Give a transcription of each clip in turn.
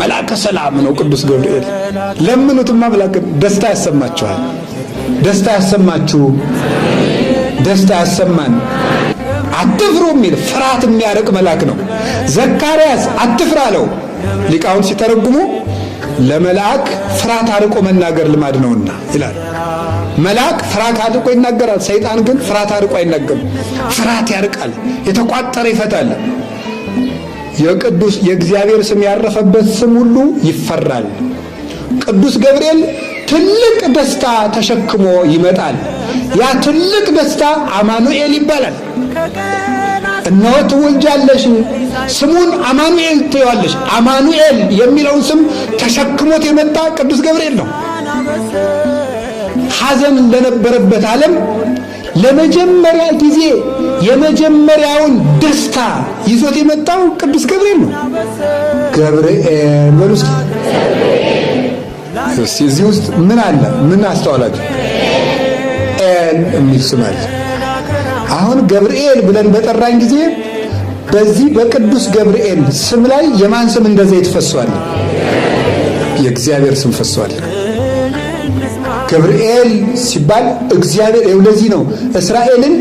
መልአከ ሰላም ነው ቅዱስ ገብርኤል። ለምኑትማ መላከ ደስታ ያሰማችኋል። ደስታ ያሰማችሁ፣ ደስታ ያሰማን። አትፍሩ የሚል ፍርሃት የሚያርቅ መልአክ ነው። ዘካርያስ አትፍራ አለው። ሊቃውን ሲተረጉሙ ለመልአክ ፍርሃት አርቆ መናገር ልማድ ነውና ይላል። መልአክ ፍርሃት አርቆ ይናገራል። ሰይጣን ግን ፍርሃት አርቆ አይናገርም። ፍርሃት ያርቃል፣ የተቋጠረ ይፈታል። የቅዱስ የእግዚአብሔር ስም ያረፈበት ስም ሁሉ ይፈራል። ቅዱስ ገብርኤል ትልቅ ደስታ ተሸክሞ ይመጣል። ያ ትልቅ ደስታ አማኑኤል ይባላል። እነሆ ትወልጃለሽ ስሙን አማኑኤል ትይዋለሽ። አማኑኤል የሚለውን ስም ተሸክሞት የመጣ ቅዱስ ገብርኤል ነው። ሐዘን ለነበረበት ዓለም ለመጀመሪያ ጊዜ የመጀመሪያውን ደስታ ይዞት የመጣው ቅዱስ ገብርኤል ነው። ገብርኤል በሉ እስኪ። እዚህ ውስጥ ምን አለ? ምን አስተዋላችሁ? ኤል የሚል ስም አለ። አሁን ገብርኤል ብለን በጠራን ጊዜ በዚህ በቅዱስ ገብርኤል ስም ላይ የማን ስም እንደዘይት ፈሷል? የእግዚአብሔር ስም ፈሷል። ገብርኤል ሲባል እግዚአብሔር ለዚህ ነው እስራኤልን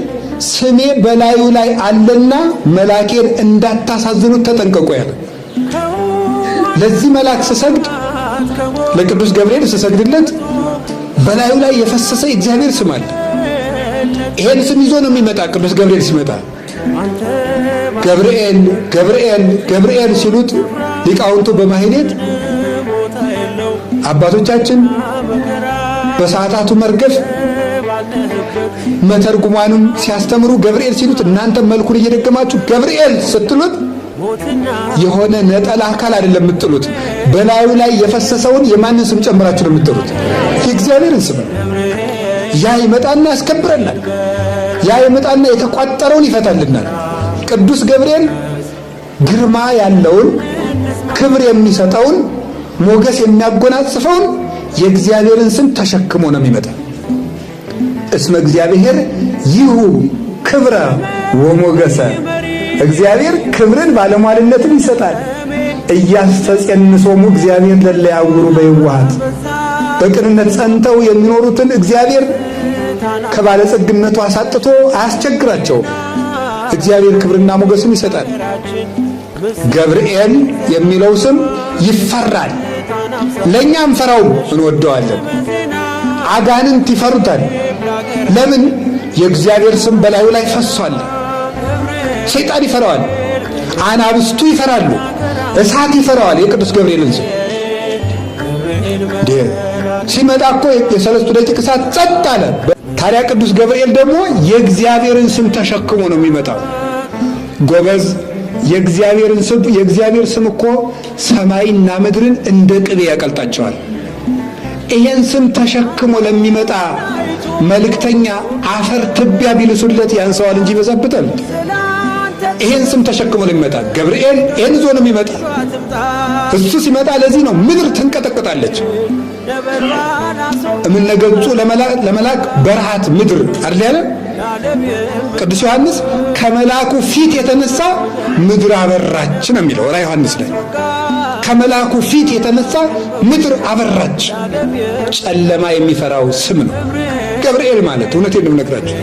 ስሜ በላዩ ላይ አለና መላኬን እንዳታሳዝኑት ተጠንቀቁ ያለ። ለዚህ መልአክ ስሰግድ ለቅዱስ ገብርኤል ስሰግድለት በላዩ ላይ የፈሰሰ እግዚአብሔር ስም አለ። ይሄን ስም ይዞ ነው የሚመጣ ቅዱስ ገብርኤል ሲመጣ ገብርኤል ገብርኤል ገብርኤል ሲሉት ሊቃውንቱ በማህሌት አባቶቻችን በሰዓታቱ መርገፍ መተርጉማኑን ሲያስተምሩ ገብርኤል ሲሉት እናንተ መልኩን እየደገማችሁ ገብርኤል ስትሉት የሆነ ነጠላ አካል አይደለም የምትጥሉት፣ በላዩ ላይ የፈሰሰውን የማንን ስም ጨምራችሁ ነው የምትጥሉት? የእግዚአብሔርን ስም። ያ ይመጣና ያስከብረናል። ያ ይመጣና የተቋጠረውን ይፈታልናል። ቅዱስ ገብርኤል ግርማ ያለውን ክብር የሚሰጠውን ሞገስ የሚያጎናጽፈውን የእግዚአብሔርን ስም ተሸክሞ ነው የሚመጣ። እስመ እግዚአብሔር ይሁ ክብረ ወሞገሰ እግዚአብሔር ክብርን ባለሟልነትን ይሰጣል። እያስተጸንሶሙ እግዚአብሔር ለለ ያውሩ በይዋሃት በቅንነት ጸንተው የሚኖሩትን እግዚአብሔር ከባለጸግነቱ አሳጥቶ አያስቸግራቸው። እግዚአብሔር ክብርና ሞገስን ይሰጣል። ገብርኤል የሚለው ስም ይፈራል። ለእኛ ፈራው እንወደዋለን። አጋንንት ይፈሩታል። ለምን? የእግዚአብሔር ስም በላዩ ላይ ፈሷል። ሰይጣን ይፈራዋል። አናብስቱ ይፈራሉ። እሳት ይፈራዋል። የቅዱስ ገብርኤልን ስም ሲመጣ እኮ የሰለስቱ ደቂቅ እሳት ጸጥ አለ። ታዲያ ቅዱስ ገብርኤል ደግሞ የእግዚአብሔርን ስም ተሸክሞ ነው የሚመጣው። ጎበዝ የእግዚአብሔር ስም እኮ ሰማይና ምድርን እንደ ቅቤ ያቀልጣቸዋል። ይሄን ስም ተሸክሞ ለሚመጣ መልእክተኛ አፈር ትቢያ ቢልሱለት ያንሰዋል እንጂ ይበዛበታል። ይሄን ስም ተሸክሞ ለሚመጣ ገብርኤል ይሄን ዞ ነው የሚመጣ። እሱ ሲመጣ ለዚህ ነው ምድር ትንቀጠቀጣለች። እምነገጹ ለመላክ በረሃት ምድር አይደል ያለ ቅዱስ ዮሐንስ ከመልአኩ ፊት የተነሳ ምድር አበራች ነው የሚለው ራ ዮሐንስ ላይ ከመልአኩ ፊት የተነሳ ምድር አበራች ጨለማ የሚፈራው ስም ነው ገብርኤል ማለት እውነቴን ነው የምነግራችሁ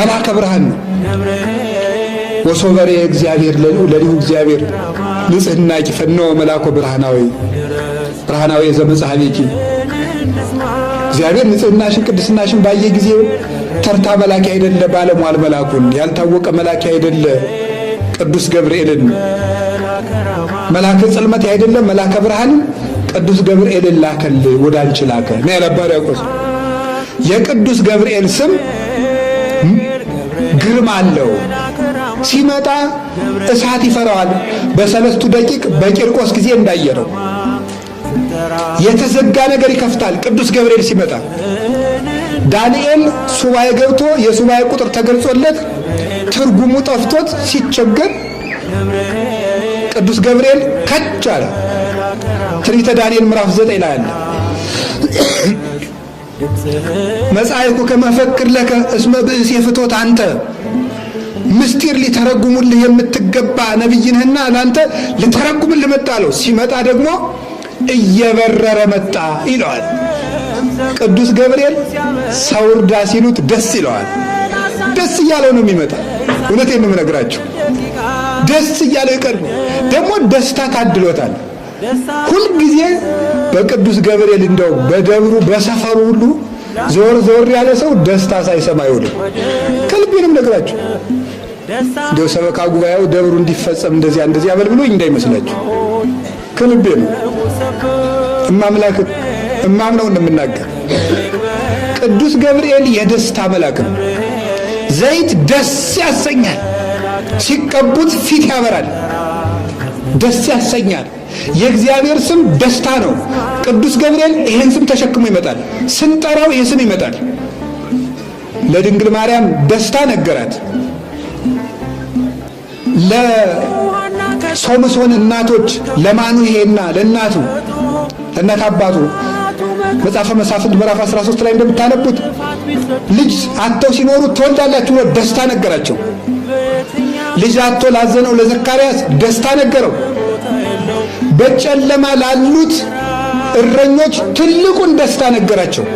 መልአከ ብርሃን ነው ወሶበሬ እግዚአብሔር ለልዑ እግዚአብሔር ንጽህና ፈኖ መልአኮ ብርሃናዊ ብርሃናዊ ዘመጽሐቤኪ እግዚአብሔር ንጽህናሽን ቅድስናሽን ባየ ጊዜ ተርታ መላክ አይደለ ባለሟል መላኩን ያልታወቀ መላክ አይደለ ቅዱስ ገብርኤልን መላከ ጽልመት አይደለ መላከ ብርሃንን ቅዱስ ገብርኤልን ላከል ወደ አንቺ ላከ ነው ያለባሪ ያቆስ የቅዱስ ገብርኤል ስም ግርማ አለው። ሲመጣ እሳት ይፈራዋል። በሰለስቱ ደቂቅ በቂርቆስ ጊዜ እንዳየረው የተዘጋ ነገር ይከፍታል። ቅዱስ ገብርኤል ሲመጣ ዳንኤል ሱባኤ ገብቶ የሱባኤ ቁጥር ተገልጾለት ትርጉሙ ጠፍቶት ሲቸገር ቅዱስ ገብርኤል ከች አለ። ትንቢተ ዳንኤል ምዕራፍ ዘጠኝ ላይ አለ መጻይኩ ከመፈክር ለከ እስመ ብእስ ፍቶት አንተ ምስጢር ሊተረጉሙልህ የምትገባ ነቢይንህና ለአንተ ልተረጉምልህ መጣ ሲመጣ ደግሞ እየበረረ መጣ ይለዋል። ቅዱስ ገብርኤል ሰውርዳ ሲሉት ደስ ይለዋል። ደስ እያለው ነው የሚመጣ። እውነቴን ነው የምነግራችሁ። ደስ እያለው ይቀርብ። ደግሞ ደስታ ታድሎታል። ሁልጊዜ በቅዱስ ገብርኤል እንደው በደብሩ በሰፈሩ ሁሉ ዞር ዞር ያለ ሰው ደስታ ሳይሰማ አይውልም። ከልቤንም ነግራችሁ እንደው ሰበካ ጉባኤው ደብሩ እንዲፈጸም እንደዚያ እንደዚያ በል ብሎ እንዳይመስላችሁ ከልቤ ነው እማምላክ እማምነውን እንደምናገር ቅዱስ ገብርኤል የደስታ መልአክ ነው። ዘይት ደስ ያሰኛል፣ ሲቀቡት ፊት ያበራል፣ ደስ ያሰኛል። የእግዚአብሔር ስም ደስታ ነው። ቅዱስ ገብርኤል ይህን ስም ተሸክሞ ይመጣል። ስንጠራው ይህ ስም ይመጣል። ለድንግል ማርያም ደስታ ነገራት። ለሶምሶን እናቶች ለማኑሄና ለእናቱ ለእናት አባቱ መጽሐፈ መሳፍንት ምዕራፍ 13 ላይ እንደምታነቡት ልጅ አጥተው ሲኖሩ ትወልዳላችሁ ብሎ ደስታ ነገራቸው። ልጅ አጥቶ ላዘነው ለዘካርያስ ደስታ ነገረው። በጨለማ ላሉት እረኞች ትልቁን ደስታ ነገራቸው።